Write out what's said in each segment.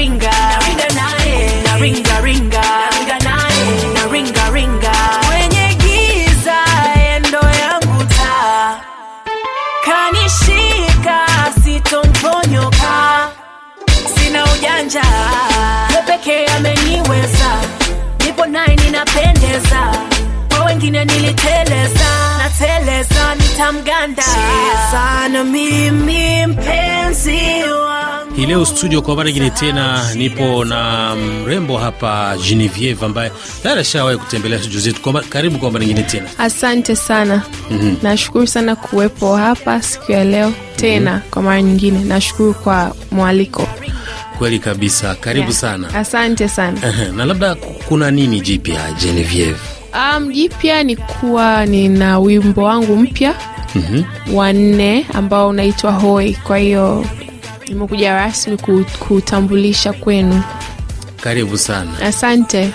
ringa ringa naye na ringa ringa ringa na ringa ringa giza endo yangu kanishika sitomponyoka sina ujanja pekee ameniweza nipo ninapendeza wengine niliteleza nateleza nitamganda cheza na mimi mpenda. Hii leo studio kwa mara nyingine tena nipo na mrembo hapa Genevieve ambaye tayari ashawahi kutembelea studio zetu. Kwa karibu kwa mara nyingine tena. Asante sana. Mm -hmm. Nashukuru sana kuwepo hapa siku ya leo tena. Mm -hmm. Kwa mara nyingine nashukuru kwa mwaliko. Kweli kabisa. Karibu yeah. sana. Asante sana. na labda kuna nini jipya Genevieve? Um, jipya ni kuwa nina wimbo wangu mpya. Mm -hmm. Wanne ambao unaitwa Hoi, kwa hiyo nimekuja rasmi kutambulisha kwenu. Karibu sana, asante.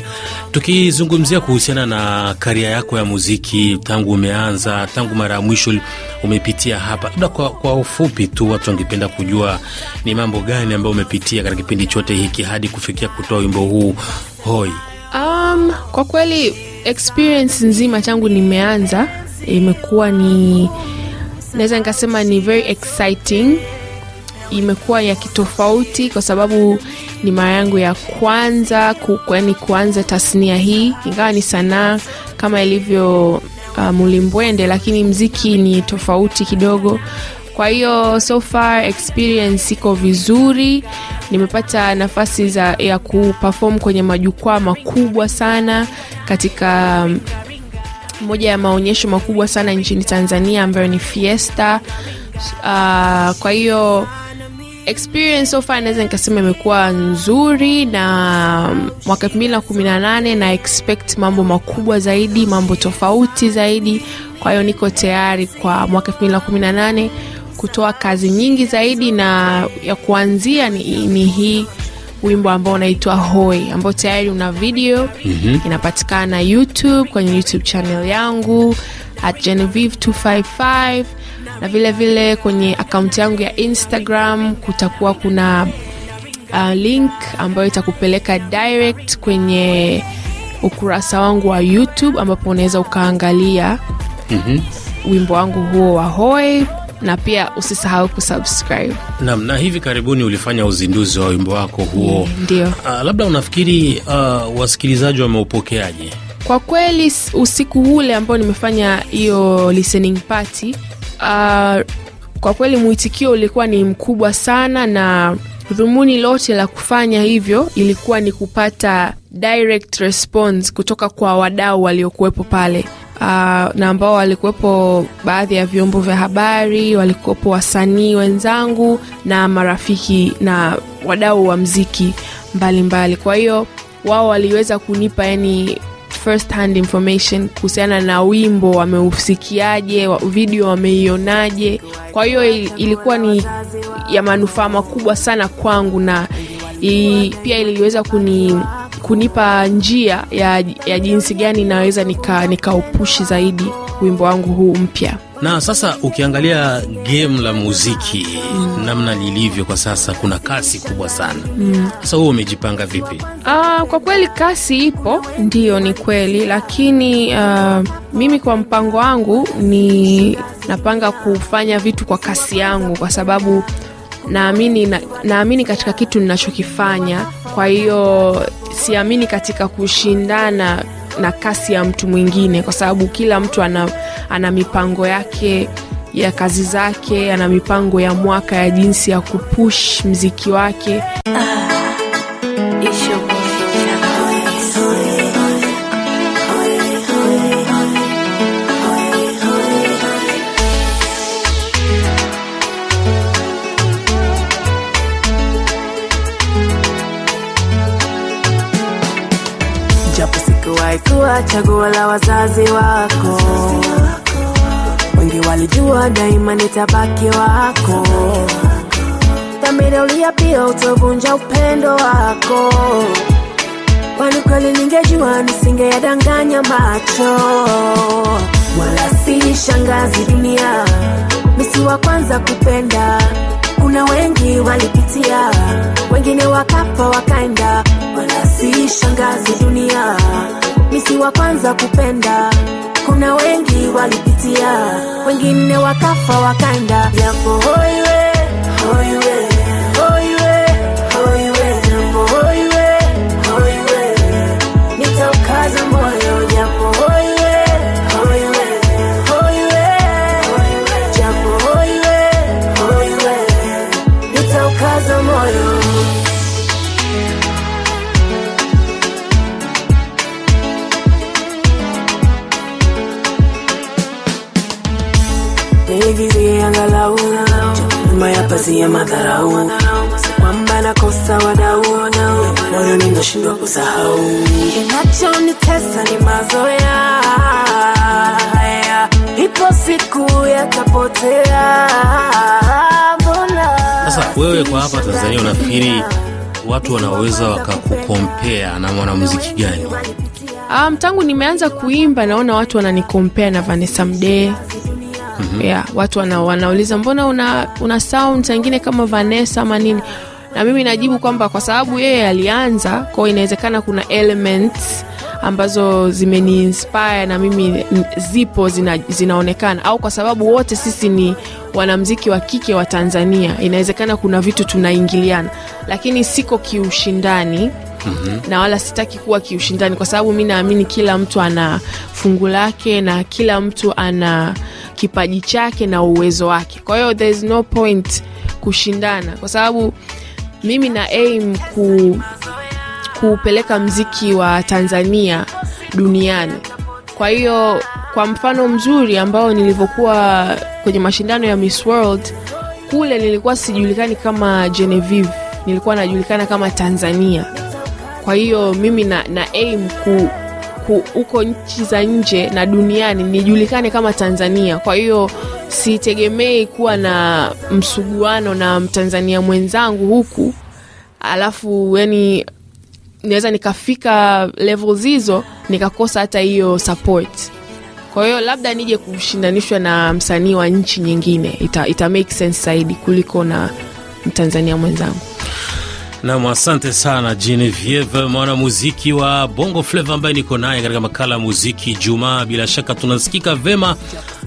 Tukizungumzia kuhusiana na karia yako ya muziki, tangu umeanza, tangu mara ya mwisho umepitia hapa, labda kwa, kwa ufupi tu, watu wangependa kujua ni mambo gani ambayo umepitia katika kipindi chote hiki hadi kufikia kutoa wimbo huu hoi? Um, kwa kweli experience nzima tangu nimeanza imekuwa ni naweza nikasema ni very exciting imekuwa ya kitofauti kwa sababu ni mara yangu ya kwanza yani kuanza tasnia hii, ingawa ni sanaa kama ilivyo uh, Mulimbwende, lakini mziki ni tofauti kidogo. Kwa hiyo so far experience iko vizuri. Nimepata nafasi za, ya kuperform kwenye majukwaa makubwa sana katika um, moja ya maonyesho makubwa sana nchini Tanzania ambayo ni Fiesta. Uh, kwa hiyo experience so far naweza nikasema imekuwa nzuri, na um, mwaka 2018 na na expect mambo makubwa zaidi, mambo tofauti zaidi. Kwa hiyo niko tayari kwa mwaka 2018 na kumi kutoa kazi nyingi zaidi, na ya kuanzia ni, ni hii wimbo ambao unaitwa Hoi ambao tayari una video mm -hmm. Inapatikana YouTube kwenye YouTube channel yangu at genevive 255 na vile vile kwenye akaunti yangu ya Instagram kutakuwa kuna uh, link ambayo itakupeleka direct kwenye ukurasa wangu wa YouTube ambapo unaweza ukaangalia mm-hmm. wimbo wangu huo wa hoi na pia usisahau kusubscribe nam na hivi karibuni ulifanya uzinduzi wa wimbo wako huo mm, ndio mm, uh, labda unafikiri uh, wasikilizaji wameupokeaje kwa kweli usiku ule ambao nimefanya hiyo listening party Uh, kwa kweli mwitikio ulikuwa ni mkubwa sana na dhumuni lote la kufanya hivyo ilikuwa ni kupata direct response kutoka kwa wadau waliokuwepo pale. Uh, na ambao walikuwepo baadhi ya vyombo vya habari, walikuwepo wasanii wenzangu na marafiki na wadau wa mziki mbalimbali. Kwa hiyo wao waliweza kunipa yani first hand information kuhusiana na wimbo, wameusikiaje, video wameionaje. Kwa hiyo ilikuwa ni ya manufaa makubwa sana kwangu, na pia iliweza kuni kunipa njia ya, ya jinsi gani naweza nikaupushi nika zaidi wimbo wangu huu mpya na sasa ukiangalia game la muziki mm. namna lilivyo kwa sasa kuna kasi kubwa sana mm. sasa huo umejipanga vipi uh, kwa kweli kasi ipo ndiyo ni kweli lakini uh, mimi kwa mpango wangu ni napanga kufanya vitu kwa kasi yangu kwa sababu naamini na, naamini katika kitu ninachokifanya kwa hiyo siamini katika kushindana na kasi ya mtu mwingine, kwa sababu kila mtu ana, ana mipango yake ya kazi zake, ana mipango ya mwaka ya jinsi ya kupush mziki wake ah. hakuwa chaguo la wazazi wako. Wengi walijua daima nitabaki wako, dhamira pia utovunja upendo wako. Kwani kweli ningejua nisingeyadanganya macho, wala si shangazi dunia, misi wa kwanza kupenda kuna wengi walipitia, wengine wakapa wakaenda, wala si shangazi dunia misi wa kwanza kupenda kuna wengi walipitia wengine wakafa wakanda jambo hoiwe hoiwe hoiwe hoiwe jambo hoiwe hoiwe nitaukaza moyo ya madharau, kwamba nakosa wadau, moyo ninashindwa kusahau. Kinachonitesa ni mazoea haya, ipo siku yatapotea. Sasa wewe kwa hapa Tanzania unafikiri watu wanaweza wakakukompea na mwanamuziki gani? Um, tangu nimeanza kuimba naona watu wananikompea na Vanessa Mdee mm -hmm. yeah, watu wana, wanauliza mbona una, una sound sangine kama Vanessa ama nini, na mimi najibu kwamba kwa sababu yeye alianza kwao, inawezekana kuna elements ambazo zimeniinspire na mimi zipo zina, zinaonekana au kwa sababu wote sisi ni wanamziki wa kike wa Tanzania, inawezekana kuna vitu tunaingiliana, lakini siko kiushindani. Mm -hmm. Na wala sitaki kuwa kiushindani kwa sababu mi naamini kila mtu ana fungu lake na kila mtu ana kipaji chake na uwezo wake. Kwa hiyo there is no point kushindana, kwa sababu mimi na aim ku, kuupeleka mziki wa Tanzania duniani. Kwa hiyo kwa mfano mzuri ambao nilivyokuwa kwenye mashindano ya Miss World kule, nilikuwa sijulikani kama Genevieve, nilikuwa najulikana kama Tanzania. Kwa hiyo mimi na, na aim ku huko nchi za nje na duniani nijulikane kama Tanzania. Kwa hiyo sitegemei kuwa na msuguano na Mtanzania mwenzangu huku, alafu yani naweza nikafika levels hizo nikakosa hata hiyo support. Kwa hiyo labda nije kushindanishwa na msanii wa nchi nyingine, ita, ita make sense zaidi kuliko na Mtanzania mwenzangu. Nam, asante sana Genevieve, mwanamuziki wa bongo fleva ambaye niko naye katika makala ya muziki Jumaa. Bila shaka tunasikika vema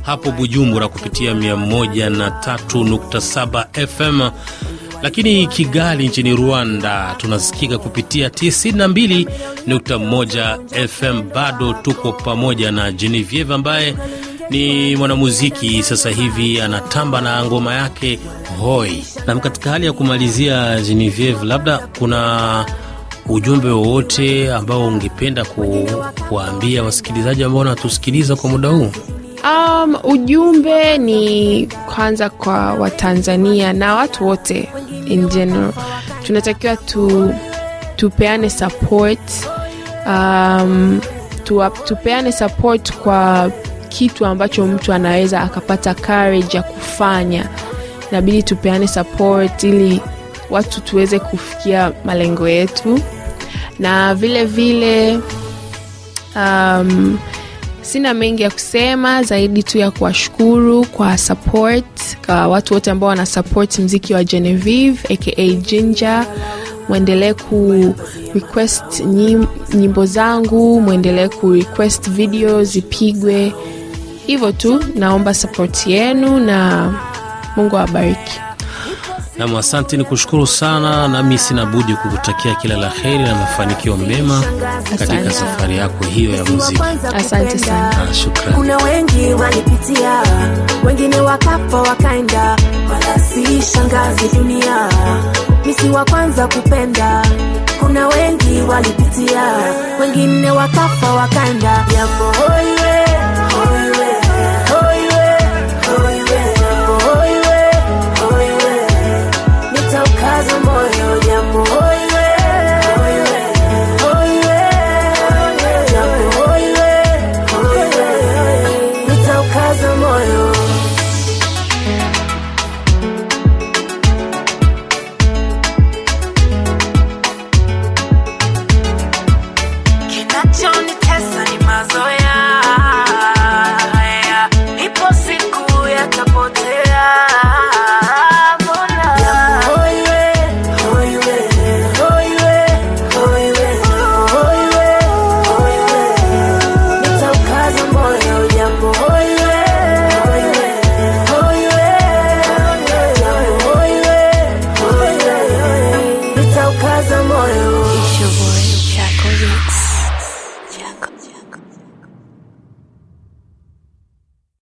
hapo Bujumbura kupitia 13.7 FM, lakini Kigali nchini Rwanda tunasikika kupitia 92.1 FM. Bado tuko pamoja na Genevieve ambaye ni mwanamuziki sasa hivi anatamba na ngoma yake hoi. nam katika hali ya kumalizia, Genevieve, labda kuna ujumbe wowote ambao ungependa kuwaambia wasikilizaji ambao wanatusikiliza kwa muda huu? Um, ujumbe ni kwanza kwa Watanzania na watu wote in general, tunatakiwa tu, tupeane support um, tu, tupeane support kwa kitu ambacho mtu anaweza akapata courage ya kufanya. Inabidi tupeane support ili watu tuweze kufikia malengo yetu, na vile vile um, sina mengi ya kusema zaidi tu ya kuwashukuru kwa support kwa watu wote ambao wana support mziki wa Genevieve aka Ginger. Mwendelee ku request nyimbo zangu, mwendelee ku request video zipigwe hivyo tu, naomba sapoti yenu na Mungu awabariki. Nam, asante ni kushukuru sana, nami sina budi kukutakia kila la heri na mafanikio mema katika safari yako hiyo ya muziki. Asante ah, wengi walipitia, wengine wakaenda, dunia, wa kwanza kupenda. Kuna wengi walipitia, wengine wakaenda, yapo